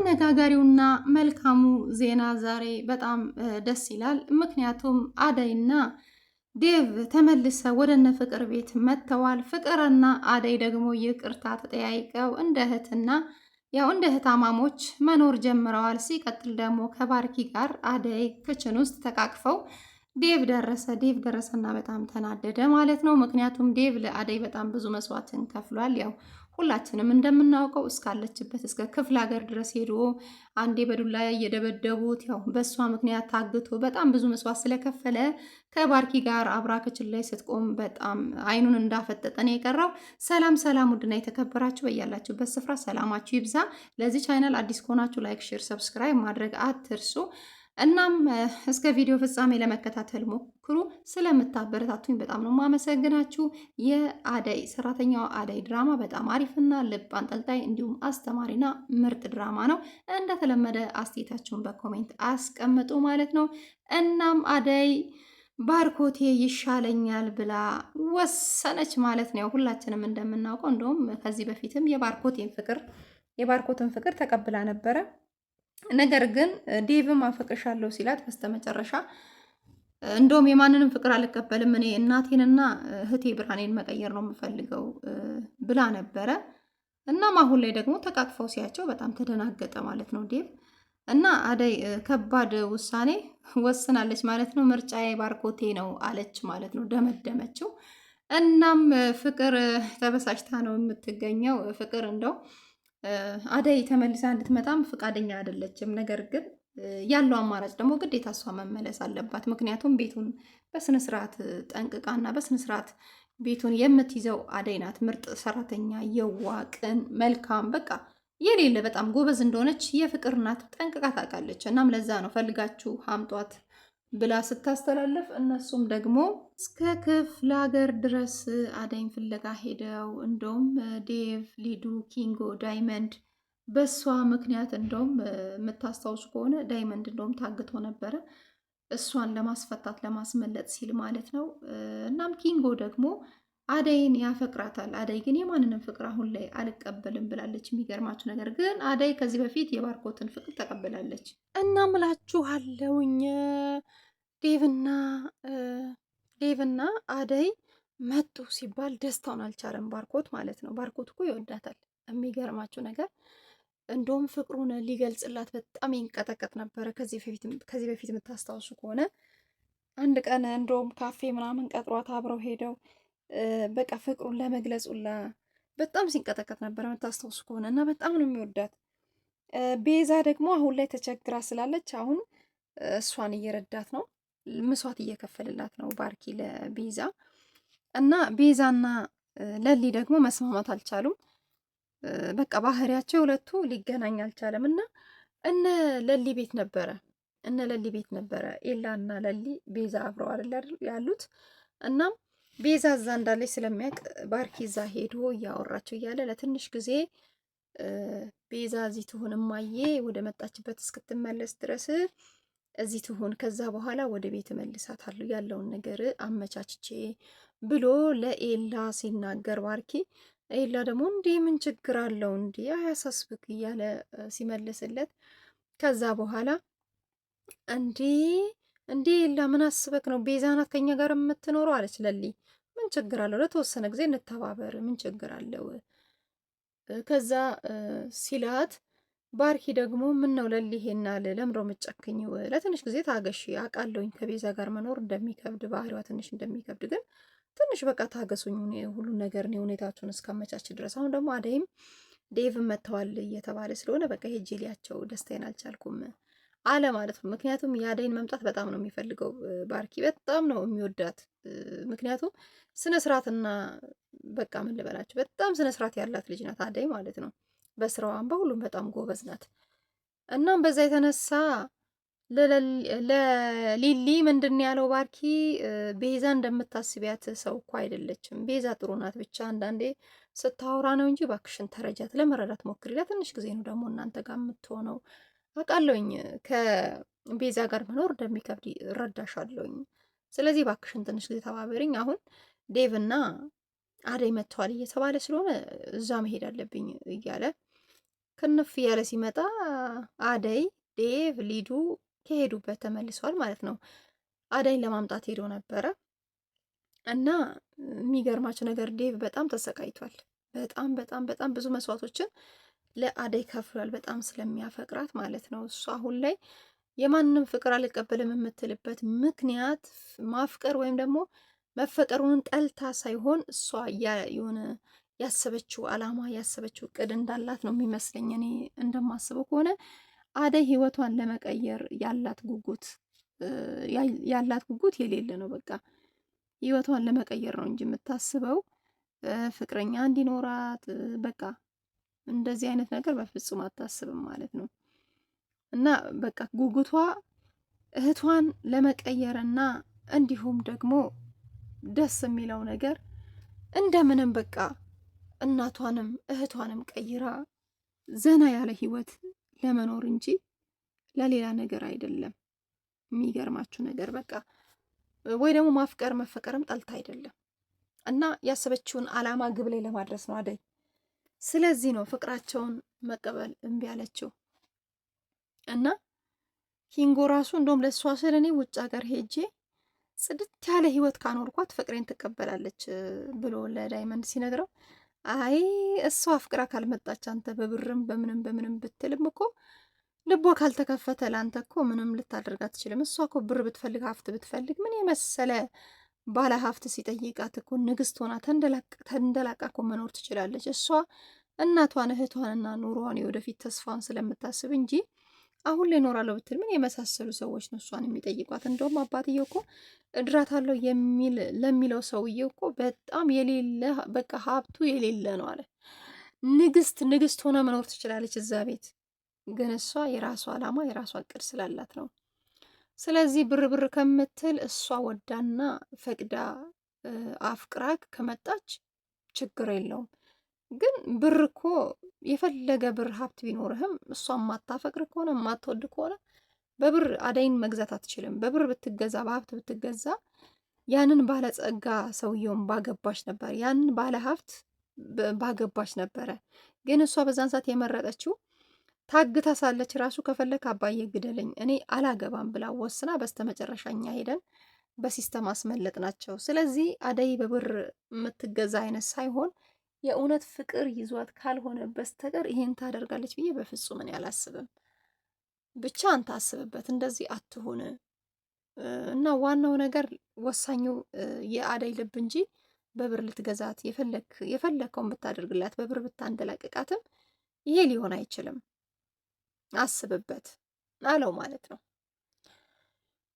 አነጋጋሪውና መልካሙ ዜና ዛሬ በጣም ደስ ይላል። ምክንያቱም አደይና ዴቭ ተመልሰው ወደ እነ ፍቅር ቤት መጥተዋል። ፍቅርና አደይ ደግሞ ይቅርታ ተጠያይቀው እንደ እህትና ያው እንደ እህታማሞች መኖር ጀምረዋል። ሲቀጥል ደግሞ ከባርኪ ጋር አደይ ክችን ውስጥ ተቃቅፈው ዴቭ ደረሰ። ዴቭ ደረሰና በጣም ተናደደ ማለት ነው። ምክንያቱም ዴቭ ለአደይ በጣም ብዙ መስዋዕትን ከፍሏል። ያው ሁላችንም እንደምናውቀው እስካለችበት እስከ ክፍለ ሀገር ድረስ ሄዶ አንዴ በዱላ እየደበደቡት ያው በእሷ ምክንያት ታግቶ በጣም ብዙ መስዋዕት ስለከፈለ ከባርኪ ጋር አብራክችን ላይ ስትቆም በጣም አይኑን እንዳፈጠጠ ነው የቀረው። ሰላም ሰላም፣ ውድና የተከበራችሁ በያላችሁበት ስፍራ ሰላማችሁ ይብዛ። ለዚህ ቻይናል አዲስ ከሆናችሁ ላይክ፣ ሼር፣ ሰብስክራይብ ማድረግ አትርሱ። እናም እስከ ቪዲዮ ፍጻሜ ለመከታተል ሞክሩ። ስለምታበረታቱኝ በጣም ነው ማመሰግናችሁ። የአደይ ሰራተኛዋ አደይ ድራማ በጣም አሪፍና ልብ አንጠልጣይ እንዲሁም አስተማሪና ምርጥ ድራማ ነው። እንደተለመደ አስተያየታችሁን በኮሜንት አስቀምጡ ማለት ነው። እናም አደይ ባርኮቴ ይሻለኛል ብላ ወሰነች ማለት ነው። ሁላችንም እንደምናውቀው እንደውም ከዚህ በፊትም የባርኮቴን ፍቅር የባርኮትን ፍቅር ተቀብላ ነበረ ነገር ግን ዴቭም አፈቅርሻለሁ ሲላት በስተመጨረሻ እንደውም የማንንም ፍቅር አልቀበልም እኔ እናቴንና እህቴ ብርሃኔን መቀየር ነው የምፈልገው ብላ ነበረ። እናም አሁን ላይ ደግሞ ተቃቅፈው ሲያቸው በጣም ተደናገጠ ማለት ነው ዴቭ። እና አደይ ከባድ ውሳኔ ወስናለች ማለት ነው። ምርጫዬ ባርኮቴ ነው አለች ማለት ነው፣ ደመደመችው። እናም ፍቅር ተበሳጭታ ነው የምትገኘው። ፍቅር እንደው አደይ ተመልሳ እንድትመጣም ፈቃደኛ አይደለችም። ነገር ግን ያለው አማራጭ ደግሞ ግዴታ እሷ መመለስ አለባት። ምክንያቱም ቤቱን በስነስርዓት ጠንቅቃና በስነስርዓት ቤቱን የምትይዘው አደይ ናት። ምርጥ ሰራተኛ፣ የዋ፣ ቅን፣ መልካም በቃ የሌለ በጣም ጎበዝ እንደሆነች የፍቅር ናት። ጠንቅቃ ታውቃለች። እናም ለዛ ነው ፈልጋችሁ አምጧት ብላ ስታስተላለፍ እነሱም ደግሞ እስከ ክፍለ ሀገር ድረስ አደይን ፍለጋ ሄደው እንደውም ዴቭ፣ ሊዱ፣ ኪንጎ፣ ዳይመንድ በእሷ ምክንያት እንደውም የምታስታውሱ ከሆነ ዳይመንድ እንደውም ታግቶ ነበረ እሷን ለማስፈታት ለማስመለጥ ሲል ማለት ነው። እናም ኪንጎ ደግሞ አደይን ያፈቅራታል። አደይ ግን የማንንም ፍቅር አሁን ላይ አልቀበልም ብላለች። የሚገርማችሁ ነገር ግን አደይ ከዚህ በፊት የባርኮትን ፍቅር ተቀብላለች። እና ምላችኋለውኝ ዴቭና ዴቭና አደይ መጡ ሲባል ደስታውን አልቻለም ባርኮት ማለት ነው። ባርኮት እኮ ይወዳታል። የሚገርማችሁ ነገር እንደውም ፍቅሩን ሊገልጽላት በጣም ይንቀጠቀጥ ነበረ። ከዚህ በፊት የምታስታውሱ ከሆነ አንድ ቀን እንደውም ካፌ ምናምን ቀጥሯት አብረው ሄደው በቃ ፍቅሩን ለመግለጹላ በጣም ሲንቀጠቀጥ ነበር የምታስታውሱ ከሆነ እና በጣም ነው የሚወዳት። ቤዛ ደግሞ አሁን ላይ ተቸግራ ስላለች አሁን እሷን እየረዳት ነው፣ ምስዋት እየከፈልላት ነው ባርኪ ለቤዛ እና ቤዛና ለሊ ደግሞ መስማማት አልቻሉም። በቃ ባህሪያቸው ሁለቱ ሊገናኝ አልቻለም እና እነ ለሊ ቤት ነበረ እነ ለሊ ቤት ነበረ ኤላ እና ለሊ ቤዛ አብረው አይደል ያሉት እናም ቤዛ እዛ እንዳለች ስለሚያውቅ ባርኪ እዛ ሄዶ እያወራቸው እያለ ለትንሽ ጊዜ ቤዛ እዚህ ትሁን እማዬ ወደ መጣችበት እስክትመለስ ድረስ እዚህ ትሁን፣ ከዛ በኋላ ወደ ቤት እመልሳታለሁ ያለውን ነገር አመቻችቼ ብሎ ለኤላ ሲናገር ባርኪ ኤላ ደግሞ እንዴ ምን ችግር አለው እንዲ አያሳስብክ እያለ ሲመልስለት ከዛ በኋላ እንዲህ እንዴ የላ ምን አስበክ ነው? ቤዛ ናት ከኛ ጋር የምትኖረው አለች ለሊ። ምን ችግር አለው? ለተወሰነ ጊዜ እንተባበር፣ ምን ችግር አለው? ከዛ ሲላት ባርኪ ደግሞ ምን ነው ለሊ ይሄና ለምሮ መጨክኝ፣ ለትንሽ ጊዜ ታገሽ አውቃለሁኝ ከቤዛ ጋር መኖር እንደሚከብድ ባህሪዋ ትንሽ እንደሚከብድ ግን ትንሽ በቃ ታገሱኝ፣ ሁሉ ነገር ነው ሁኔታቸውን እስካመቻች ድረስ። አሁን ደግሞ አደይም ዴቭ መጥተዋል እየተባለ ስለሆነ በቃ ሄጄ ሊያቸው ደስታዬን አልቻልኩም አለ ማለት ነው። ምክንያቱም የአደይን መምጣት በጣም ነው የሚፈልገው ባርኪ በጣም ነው የሚወዳት። ምክንያቱም ስነ ስርዓትና በቃ ምን ልበላቸው፣ በጣም ስነ ስርዓት ያላት ልጅ ናት አደይ ማለት ነው። በስራዋም በሁሉም በጣም ጎበዝ ናት። እናም በዛ የተነሳ ለሊሊ ምንድን ያለው ባርኪ ቤዛ እንደምታስቢያት ሰው እኮ አይደለችም። ቤዛ ጥሩ ናት፣ ብቻ አንዳንዴ ስታወራ ነው እንጂ ባክሽን ተረጃት፣ ለመረዳት ሞክሪላት። ትንሽ ጊዜ ነው ደግሞ እናንተ ጋር የምትሆነው አውቃለሁኝ ከቤዛ ጋር መኖር እንደሚከብድ እረዳሻለሁኝ። ስለዚህ እባክሽን ትንሽ ጊዜ ተባበሪኝ። አሁን ዴቭና አደይ መጥተዋል እየተባለ ስለሆነ እዛ መሄድ አለብኝ እያለ ክንፍ እያለ ሲመጣ አደይ፣ ዴቭ፣ ሊዱ ከሄዱበት ተመልሰዋል ማለት ነው። አደይን ለማምጣት ሄዶ ነበረ እና የሚገርማቸው ነገር ዴቭ በጣም ተሰቃይቷል። በጣም በጣም በጣም ብዙ መስዋዕቶችን ለአደይ ከፍሏል። በጣም ስለሚያፈቅራት ማለት ነው። እሱ አሁን ላይ የማንም ፍቅር አልቀበልም የምትልበት ምክንያት ማፍቀር ወይም ደግሞ መፈቀሩን ጠልታ ሳይሆን እሷ የሆነ ያሰበችው አላማ ያሰበችው እቅድ እንዳላት ነው የሚመስለኝ። እኔ እንደማስበው ከሆነ አደይ ህይወቷን ለመቀየር ያላት ጉጉት ያላት ጉጉት የሌለ ነው። በቃ ህይወቷን ለመቀየር ነው እንጂ የምታስበው ፍቅረኛ እንዲኖራት በቃ እንደዚህ አይነት ነገር በፍጹም አታስብም ማለት ነው። እና በቃ ጉጉቷ እህቷን ለመቀየር እና እንዲሁም ደግሞ ደስ የሚለው ነገር እንደምንም በቃ እናቷንም እህቷንም ቀይራ ዘና ያለ ህይወት ለመኖር እንጂ ለሌላ ነገር አይደለም። የሚገርማችሁ ነገር በቃ ወይ ደግሞ ማፍቀር መፈቀርም ጠልታ አይደለም እና ያሰበችውን አላማ ግብ ላይ ለማድረስ ነው አደይ ስለዚህ ነው ፍቅራቸውን መቀበል እምቢ አለችው እና ሂንጎ ራሱ እንደውም ለእሷ ስል እኔ ውጭ ሀገር ሄጄ ጽድት ያለ ህይወት ካኖርኳት ፍቅሬን ትቀበላለች ብሎ ለዳይመንድ ሲነግረው አይ እሷ ፍቅራ ካልመጣች አንተ በብርም በምንም በምንም ብትልም እኮ ልቧ ካልተከፈተ ለአንተ እኮ ምንም ልታደርግ አትችልም። እሷ እኮ ብር ብትፈልግ ሀብት ብትፈልግ ምን የመሰለ ባለ ሀብት ሲጠይቃት እኮ ንግስት ሆና ተንደላቃ እኮ መኖር ትችላለች። እሷ እናቷን እህቷንና ኑሯን የወደፊት ተስፋውን ስለምታስብ እንጂ አሁን ላይ እኖራለሁ ብትል ምን የመሳሰሉ ሰዎች ነው እሷን የሚጠይቋት። እንደውም አባትየው እኮ እድራታለሁ የሚል ለሚለው ሰውዬው እኮ በጣም የሌለ በቃ ሀብቱ የሌለ ነው አለ። ንግስት ንግስት ሆና መኖር ትችላለች እዛ ቤት ግን እሷ የራሷ ዓላማ የራሷ እቅድ ስላላት ነው ስለዚህ ብር ብር ከምትል እሷ ወዳና ፈቅዳ አፍቅራክ ከመጣች ችግር የለውም። ግን ብር እኮ የፈለገ ብር ሀብት ቢኖርህም እሷ የማታፈቅር ከሆነ የማትወድ ከሆነ በብር አደይን መግዛት አትችልም። በብር ብትገዛ፣ በሀብት ብትገዛ ያንን ባለጸጋ ሰውየውን ባገባች ነበር፣ ያንን ባለ ሀብት ባገባች ነበረ። ግን እሷ በዛን ሰዓት የመረጠችው ታግታ ሳለች ራሱ ከፈለክ አባዬ ግደለኝ እኔ አላገባም ብላ ወስና በስተመጨረሻ ኛ ሄደን በሲስተም አስመለጥ ናቸው። ስለዚህ አደይ በብር የምትገዛ አይነት ሳይሆን የእውነት ፍቅር ይዟት ካልሆነ በስተቀር ይሄን ታደርጋለች ብዬ በፍጹም እኔ አላስብም። ብቻ አንተ አስብበት፣ እንደዚህ አትሁን እና ዋናው ነገር ወሳኙ የአደይ ልብ እንጂ በብር ልትገዛት የፈለክ የፈለከውን ብታደርግላት በብር ብታንደላቅቃትም ይሄ ሊሆን አይችልም። አስብበት አለው ማለት ነው።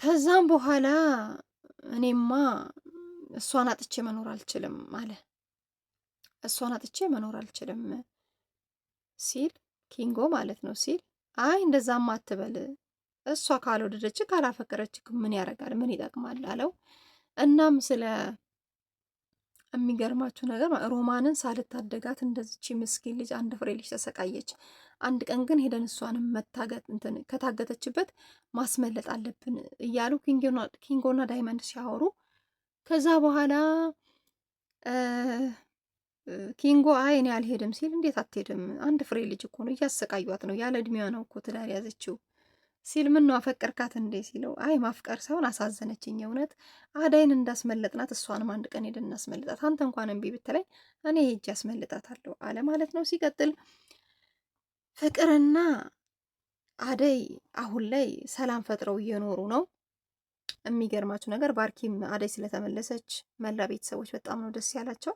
ከዛም በኋላ እኔማ እሷን አጥቼ መኖር አልችልም አለ። እሷን አጥቼ መኖር አልችልም ሲል ኪንጎ ማለት ነው ሲል አይ እንደዛማ አትበል እሷ ካልወደደች ካላፈቀረች ምን ያደርጋል ምን ይጠቅማል አለው። እናም ስለ የሚገርማችሁ ነገር ሮማንን ሳልታደጋት እንደዚች ምስኪን ልጅ አንድ ፍሬ ልጅ ተሰቃየች። አንድ ቀን ግን ሄደን እሷንም መታገት እንትን ከታገተችበት ማስመለጥ አለብን እያሉ ኪንጎና ዳይመንድ ሲያወሩ ከዛ በኋላ ኪንጎ አይ እኔ አልሄድም ሲል እንዴት አትሄድም? አንድ ፍሬ ልጅ እኮ ነው እያሰቃዩት ነው ያለ እድሜዋ ነው እኮ ትዳር ያዘችው ሲል ምን ነው አፈቀርካት እንዴ ሲለው አይ ማፍቀር ሳይሆን አሳዘነችኝ። እውነት አዳይን እንዳስመለጥናት እሷንም አንድ ቀን ሄደን እናስመልጣት። አንተ እንኳን እምቢ ብትለኝ እኔ ሄጄ አስመልጣታለሁ አለ ማለት ነው ሲቀጥል ፍቅርና አደይ አሁን ላይ ሰላም ፈጥረው እየኖሩ ነው። የሚገርማችሁ ነገር ባርኪም አደይ ስለተመለሰች መላ ቤተሰቦች በጣም ነው ደስ ያላቸው።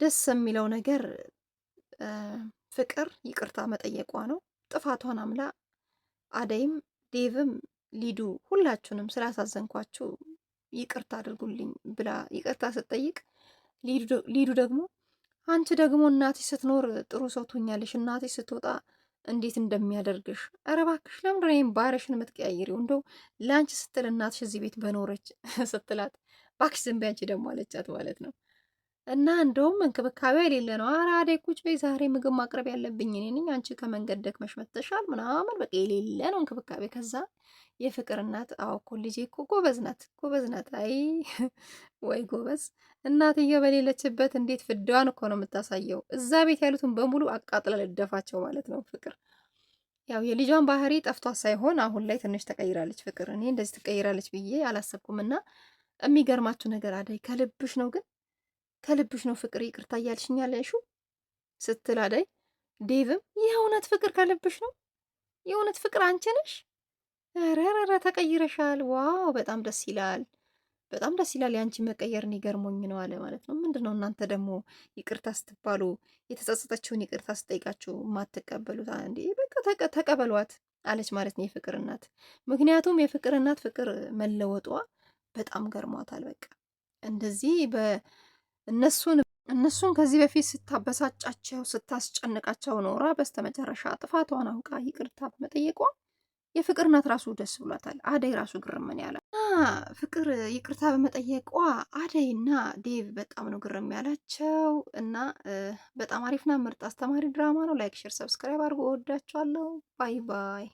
ደስ የሚለው ነገር ፍቅር ይቅርታ መጠየቋ ነው። ጥፋቷን አምላ አደይም፣ ዴቭም፣ ሊዱ ሁላችሁንም ስላሳዘንኳችሁ ይቅርታ አድርጉልኝ ብላ ይቅርታ ስትጠይቅ ሊዱ ደግሞ አንቺ ደግሞ እናትሽ ስትኖር ጥሩ ሰው ትሆኛለሽ፣ እናትሽ ስትወጣ እንዴት እንደሚያደርግሽ። ኧረ እባክሽ ለምንድን ነው ባህርሽን የምትቀያይሪው? እንደው ለአንቺ ስትል እናትሽ እዚህ ቤት በኖረች ስትላት፣ እባክሽ ዝም በይ አንቺ ደግሞ አለቻት ማለት ነው። እና እንደውም እንክብካቤ የሌለ ነው። ኧረ አደይ ቁጭ በይ፣ ዛሬ ምግብ ማቅረብ ያለብኝ እኔ ነኝ፣ አንቺ ከመንገድ ደክመሽ መጥተሻል ምናምን፣ በቃ የሌለ ነው እንክብካቤ። ከዛ የፍቅር እናት አዎ እኮ ልጄ እኮ ጎበዝ ናት ጎበዝ ናት። አይ ወይ ጎበዝ እናትየው በሌለችበት እንዴት ፍዳዋን እኮ ነው የምታሳየው። እዛ ቤት ያሉትን በሙሉ አቃጥላ ልደፋቸው ማለት ነው ፍቅር። ያው የልጇን ባህሪ ጠፍቷት ሳይሆን አሁን ላይ ትንሽ ተቀይራለች ፍቅር። እኔ እንደዚህ ትቀይራለች ብዬ አላሰብኩም። እና የሚገርማችሁ ነገር አደይ ከልብሽ ነው ግን ከልብሽ ነው ፍቅር ይቅርታ እያልሽኝ ያለሽው ስትል አደይ ዴቭም የእውነት ፍቅር ከልብሽ ነው የእውነት ፍቅር አንቺ ነሽ ረረረ ተቀይረሻል፣ ዋው በጣም ደስ ይላል፣ በጣም ደስ ይላል። የአንቺ መቀየር እኔ ገርሞኝ ነው አለ ማለት ነው። ምንድን ነው እናንተ ደግሞ ይቅርታ ስትባሉ የተጸጸተችውን ይቅርታ ስጠይቃችሁ የማትቀበሉት? እንዴ በቃ ተቀበሏት አለች ማለት ነው የፍቅር እናት። ምክንያቱም የፍቅር እናት ፍቅር መለወጧ በጣም ገርሟታል። በቃ እንደዚህ በእነሱን እነሱን ከዚህ በፊት ስታበሳጫቸው ስታስጨንቃቸው ኖራ በስተመጨረሻ ጥፋቷን አውቃ ይቅርታ በመጠየቋ የፍቅር እናት ራሱ ደስ ብሏታል። አደይ ራሱ ግርም ያለ ፍቅር ይቅርታ በመጠየቋ አደይ እና ዴቭ በጣም ነው ግርም ያላቸው እና በጣም አሪፍና ምርጥ አስተማሪ ድራማ ነው። ላይክ፣ ሼር፣ ሰብስክራይብ አድርጎ ወዳችኋለሁ። ባይ ባይ